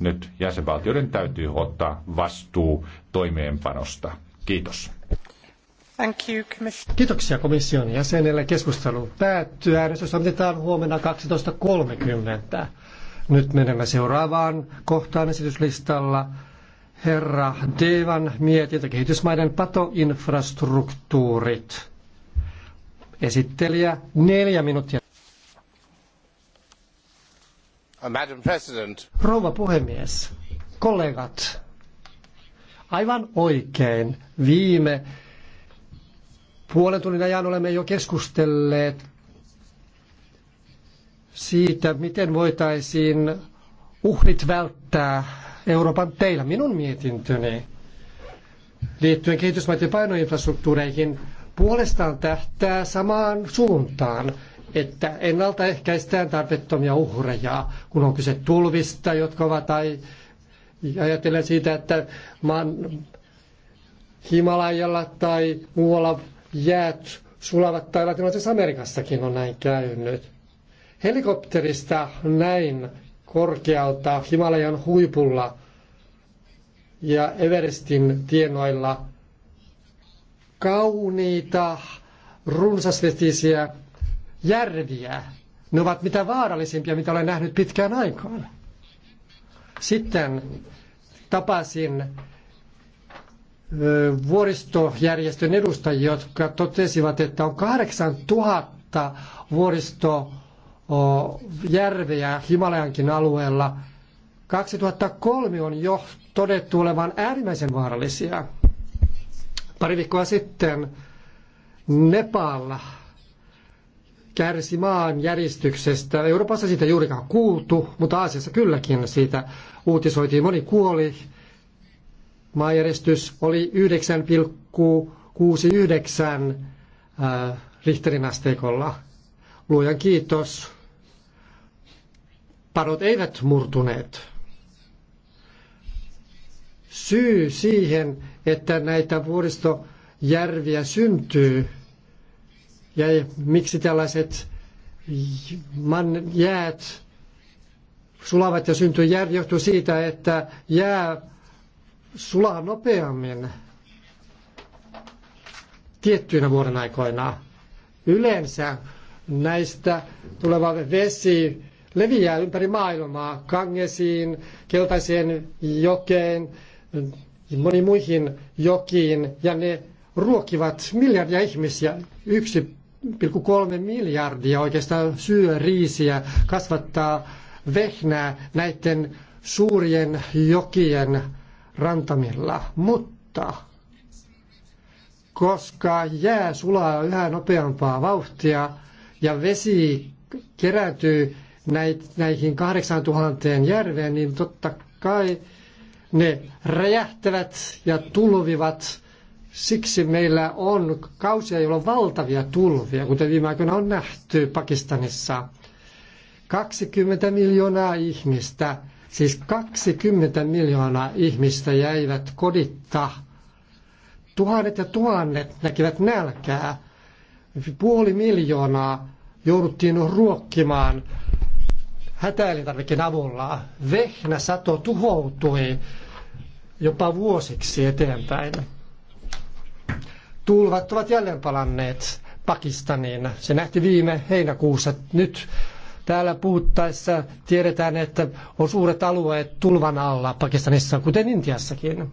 nyt jäsenvaltioiden täytyy ottaa vastuu toimeenpanosta. Kiitos. Thank you, Kiitoksia komission jäsenelle. Keskustelu päättyy. Äänestys annetaan huomenna 12.30. Nyt menemme seuraavaan kohtaan esityslistalla. Herra Devan mietintö kehitysmaiden patoinfrastruktuurit. Esittelijä neljä minuuttia Uh, Madam Rouva puhemies, kollegat, aivan oikein viime puolen tunnin ajan olemme jo keskustelleet siitä, miten voitaisiin uhrit välttää Euroopan teillä. Minun mietintöni liittyen kehitysmaiden painoinfrastruktuureihin puolestaan tähtää samaan suuntaan että ennaltaehkäistään tarpeettomia uhreja, kun on kyse tulvista, jotka ovat tai ajatellen siitä, että maan Himalajalla tai muualla jäät sulavat tai latinalaisessa Amerikassakin on näin käynyt. Helikopterista näin korkealta Himalajan huipulla ja Everestin tienoilla kauniita runsasvetisiä järviä. Ne ovat mitä vaarallisimpia, mitä olen nähnyt pitkään aikaan. Sitten tapasin vuoristojärjestön edustajia, jotka totesivat, että on 8000 vuoristojärveä Himalajankin alueella. 2003 on jo todettu olevan äärimmäisen vaarallisia. Pari viikkoa sitten Nepal kärsi maan järjestyksestä. Euroopassa siitä ei juurikaan kuultu, mutta Aasiassa kylläkin siitä uutisoitiin. Moni kuoli. Maanjärjestys oli 9,69 äh, Richterin asteikolla. Luojan kiitos. Parot eivät murtuneet. Syy siihen, että näitä vuoristojärviä syntyy, ja miksi tällaiset jäät sulavat ja syntyy jää, johtuu siitä, että jää sulaa nopeammin tiettyinä vuoden aikoina. Yleensä näistä tuleva vesi leviää ympäri maailmaa, Kangesiin, Keltaiseen jokeen, moniin muihin jokiin, ja ne ruokivat miljardia ihmisiä. Yksi Kolme miljardia oikeastaan syö riisiä, kasvattaa vehnää näiden suurien jokien rantamilla. Mutta koska jää sulaa yhä nopeampaa vauhtia ja vesi kerääntyy näihin 8000 järveen, niin totta kai ne räjähtävät ja tulvivat Siksi meillä on kausia, jolloin on valtavia tulvia, kuten viime aikoina on nähty Pakistanissa. 20 miljoonaa ihmistä, siis 20 miljoonaa ihmistä jäivät koditta. Tuhannet ja tuhannet näkivät nälkää. Puoli miljoonaa jouduttiin ruokkimaan hätäelintarvikkeen avulla. sato tuhoutui jopa vuosiksi eteenpäin tulvat ovat jälleen palanneet Pakistaniin. Se nähti viime heinäkuussa. Nyt täällä puhuttaessa tiedetään, että on suuret alueet tulvan alla Pakistanissa, kuten Intiassakin.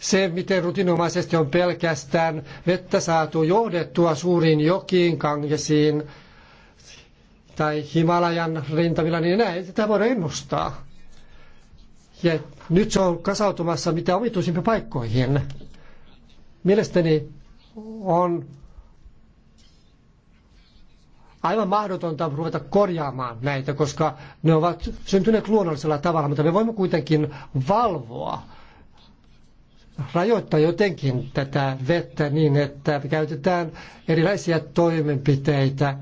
Se, miten rutinomaisesti on pelkästään vettä saatu johdettua suuriin jokiin, kangesiin tai Himalajan rintamilla, niin sitä ei voida ennustaa. Ja nyt se on kasautumassa mitä omituisimpiin paikkoihin. Mielestäni on aivan mahdotonta ruveta korjaamaan näitä, koska ne ovat syntyneet luonnollisella tavalla, mutta me voimme kuitenkin valvoa, rajoittaa jotenkin tätä vettä niin, että käytetään erilaisia toimenpiteitä,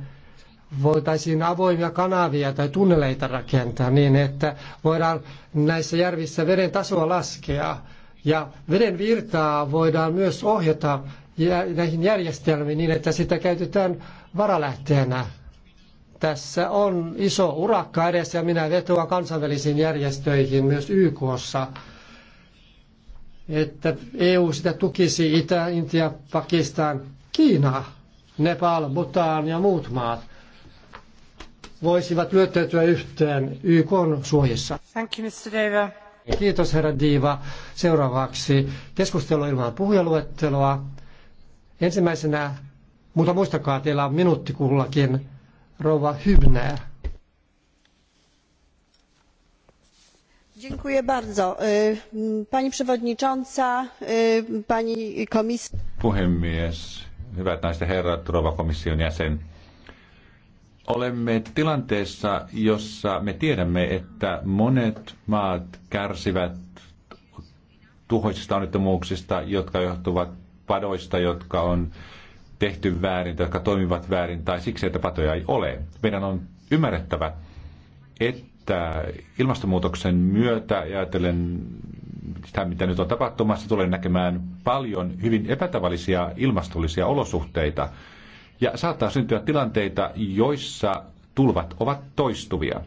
voitaisiin avoimia kanavia tai tunneleita rakentaa niin, että voidaan näissä järvissä veden tasoa laskea. Ja veden virtaa voidaan myös ohjata näihin järjestelmiin niin, että sitä käytetään varalähteenä. Tässä on iso urakka edessä ja minä vetoan kansainvälisiin järjestöihin myös YKssa, että EU sitä tukisi Itä, Intia, Pakistan, Kiina, Nepal, Bhutan ja muut maat voisivat lyöttäytyä yhteen YK suojissa. Thank you, Mr. Kiitos herra Diiva. Seuraavaksi keskustelu ilman puhujaluetteloa. Ensimmäisenä, mutta muistakaa, teillä on minuutti kullakin, rouva Hybnää. Dziękuję bardzo. E, pani przewodnicząca, e, pani komisarz. Puhemies, hyvät naiset ja herrat, rouva komission jäsen Olemme tilanteessa, jossa me tiedämme, että monet maat kärsivät tuhoisista onnettomuuksista, jotka johtuvat padoista, jotka on tehty väärin, jotka toimivat väärin, tai siksi, että patoja ei ole. Meidän on ymmärrettävä, että ilmastonmuutoksen myötä, ajatellen sitä, mitä nyt on tapahtumassa, tulee näkemään paljon hyvin epätavallisia ilmastollisia olosuhteita – ja saattaa syntyä tilanteita, joissa tulvat ovat toistuvia.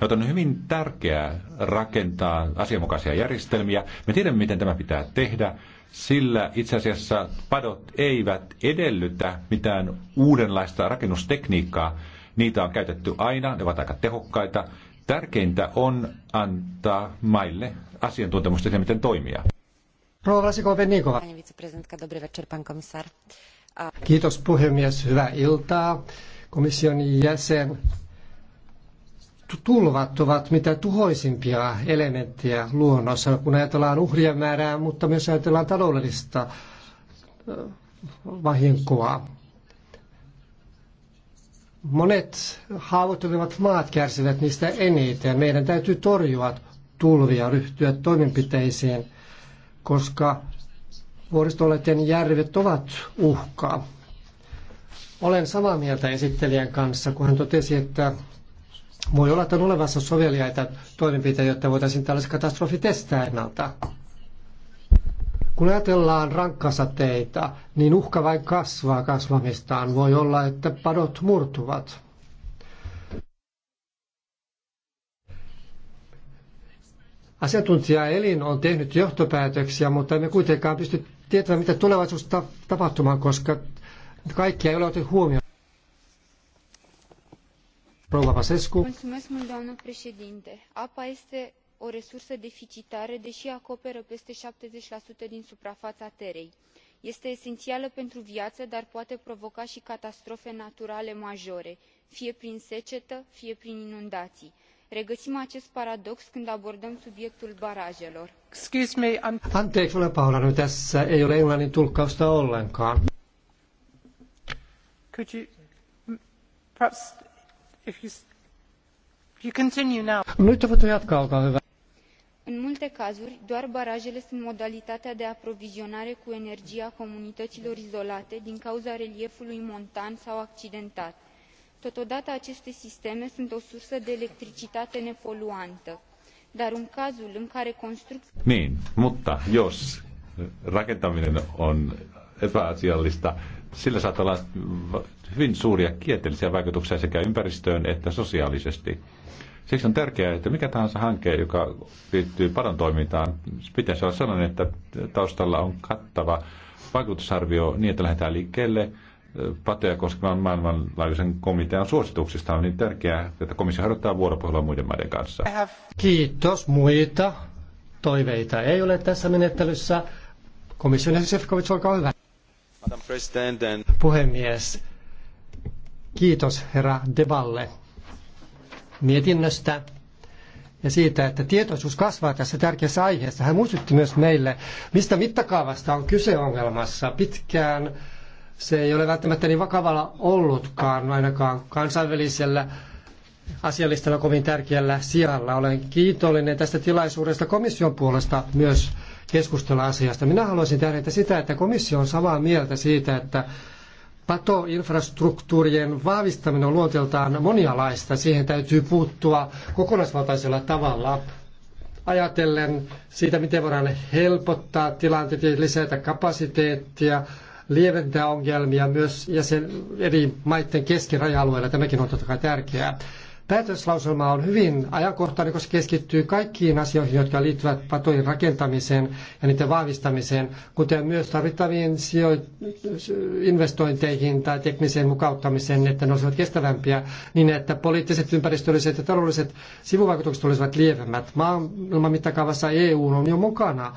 Joten on hyvin tärkeää rakentaa asianmukaisia järjestelmiä. Me tiedämme, miten tämä pitää tehdä, sillä itse asiassa padot eivät edellytä mitään uudenlaista rakennustekniikkaa. Niitä on käytetty aina, ne ovat aika tehokkaita. Tärkeintä on antaa maille asiantuntemusta siihen, miten toimia. Rouva Sikove Pani vicepresidentka, dobry večer, pan komisar. Kiitos puhemies, hyvää iltaa. Komission jäsen. Tulvat ovat mitä tuhoisimpia elementtejä luonnossa, kun ajatellaan uhrien määrää, mutta myös ajatellaan taloudellista vahinkoa. Monet haavoittuvat maat kärsivät niistä eniten. Meidän täytyy torjua tulvia, ryhtyä toimenpiteisiin, koska Vuoristolleten järvet ovat uhkaa. Olen samaa mieltä esittelijän kanssa, kun hän totesi, että voi olla, että on olevassa soveliaita toimenpiteitä, jotta voitaisiin tällaiset katastrofit estää ennalta. Kun ajatellaan rankkasateita, niin uhka vain kasvaa kasvamistaan. Voi olla, että padot murtuvat. Elin on tehnyt johtopäätöksiä, mutta emme kuitenkaan pysty tietämään, mitä tulevaisuus ta- tapahtumaan, koska kaikkia ei ole otettu huomioon. Rouva Vasescu. Apa este o resursă deficitară, deși acoperă peste 70% din suprafața terei. Este esențială pentru viață, dar poate provoca și catastrofe naturale majore, fie prin secetă, fie prin inundații regăsim acest paradox când abordăm subiectul barajelor. Excuse me, I'm... Anteeksi, Paula, pahoillani. Tässä ei ole englannin tulkkausta ollenkaan. Could you, perhaps, if you, you continue now. Nyt voitte jatkaa, olkaa hyvä. În multe cazuri, doar barajele sunt modalitatea de aprovizionare cu energie a comunităților izolate din cauza reliefului montan sau accidentat totodată aceste sisteme sunt o sursă de electricitate nepoluantă dar în cazul în care construcția... Niin, mutta jos rakentaminen on epäasiallista, sillä saattaa olla hyvin suuria kielteellisiä vaikutuksia sekä ympäristöön että sosiaalisesti. Siksi on tärkeää, että mikä tahansa hanke, joka liittyy paran toimintaan, pitäisi olla sellainen, että taustalla on kattava vaikutusarvio niin, että lähdetään liikkeelle – pateja koskevan maailmanlaajuisen komitean suosituksista on niin tärkeää, että komissio harjoittaa vuoropuhelua muiden maiden kanssa. Kiitos. Muita toiveita ei ole tässä menettelyssä. Komission jäsen Sefcovic, olkaa hyvä. Puhemies, kiitos herra Devalle mietinnöstä ja siitä, että tietoisuus kasvaa tässä tärkeässä aiheessa. Hän muistutti myös meille, mistä mittakaavasta on kyse ongelmassa. Pitkään se ei ole välttämättä niin vakavalla ollutkaan, ainakaan kansainvälisellä asiallistella kovin tärkeällä sijalla. Olen kiitollinen tästä tilaisuudesta komission puolesta myös keskustella asiasta. Minä haluaisin tähdätä sitä, että komissio on samaa mieltä siitä, että patoinfrastruktuurien vahvistaminen on luonteeltaan monialaista. Siihen täytyy puuttua kokonaisvaltaisella tavalla ajatellen siitä, miten voidaan helpottaa tilanteita, lisätä kapasiteettia, lieventää ongelmia myös jäsen, eri maiden kesken raja-alueilla. Tämäkin on totta kai tärkeää. Päätöslauselma on hyvin ajankohtainen, koska keskittyy kaikkiin asioihin, jotka liittyvät patojen rakentamiseen ja niiden vahvistamiseen, kuten myös tarvittaviin investointeihin tai tekniseen mukauttamiseen, että ne olisivat kestävämpiä, niin että poliittiset, ympäristölliset ja taloudelliset sivuvaikutukset olisivat lievemmät. Maailman mittakaavassa EU on jo mukana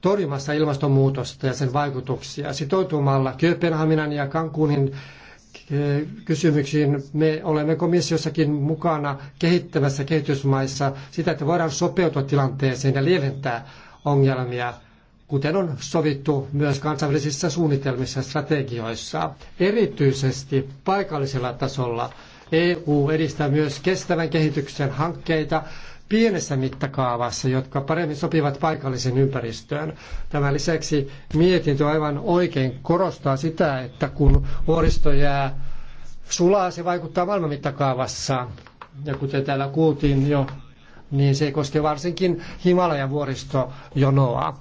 torjumassa ilmastonmuutosta ja sen vaikutuksia. Sitoutumalla Kööpenhaminan ja Cancunin eh, kysymyksiin. Me olemme komissiossakin mukana kehittämässä kehitysmaissa sitä, että voidaan sopeutua tilanteeseen ja lieventää ongelmia, kuten on sovittu myös kansainvälisissä suunnitelmissa ja strategioissa. Erityisesti paikallisella tasolla EU edistää myös kestävän kehityksen hankkeita pienessä mittakaavassa, jotka paremmin sopivat paikallisen ympäristöön. Tämän lisäksi mietintö aivan oikein korostaa sitä, että kun vuoristo jää sulaa, se vaikuttaa maailman mittakaavassa. Ja kuten täällä kuultiin jo, niin se koskee varsinkin Himalajan vuoristojonoa.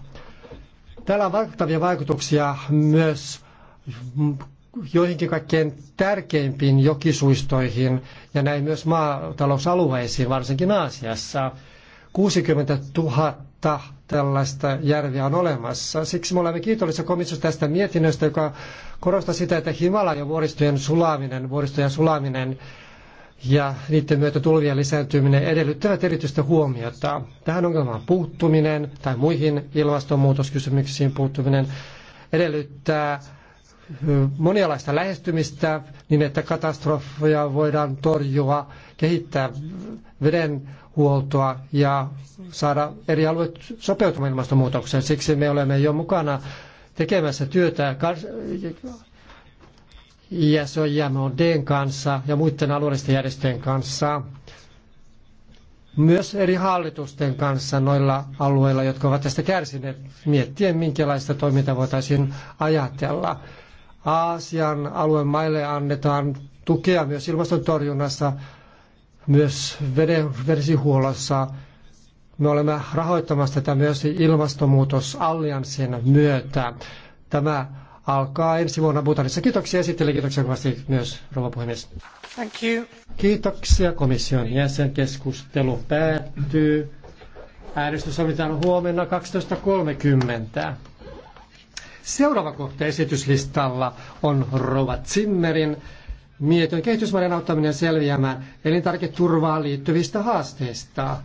Täällä on vaikuttavia vaikutuksia myös joihinkin kaikkein tärkeimpiin jokisuistoihin ja näin myös maatalousalueisiin, varsinkin Aasiassa. 60 000 tällaista järviä on olemassa. Siksi me olemme kiitollisia komissiosta tästä mietinnöstä, joka korostaa sitä, että Himalajan vuoristojen sulaminen, vuoristojen sulaminen ja niiden myötä tulvien lisääntyminen edellyttävät erityistä huomiota. Tähän ongelmaan puuttuminen tai muihin ilmastonmuutoskysymyksiin puuttuminen edellyttää monialaista lähestymistä niin, että katastrofeja voidaan torjua, kehittää vedenhuoltoa ja saada eri alueet sopeutumaan ilmastonmuutokseen. Siksi me olemme jo mukana tekemässä työtä ISO IMODn kanssa ja muiden alueellisten järjestöjen kanssa, myös eri hallitusten kanssa noilla alueilla, jotka ovat tästä kärsineet, miettien minkälaista toimintaa voitaisiin ajatella. Aasian alueen maille annetaan tukea myös ilmastontorjunnassa, myös vesihuollossa. Me olemme rahoittamassa tätä myös ilmastonmuutosallianssin myötä. Tämä alkaa ensi vuonna Butanissa. Kiitoksia esittelijä, kiitoksia kovasti myös rouva puhemies. Thank you. Kiitoksia komission jäsen. Keskustelu päättyy. Äänestys sovitaan huomenna 12.30. Seuraava kohta esityslistalla on Rova Zimmerin mietön kehitysmaiden auttaminen selviämään elintarviketurvaan liittyvistä haasteista.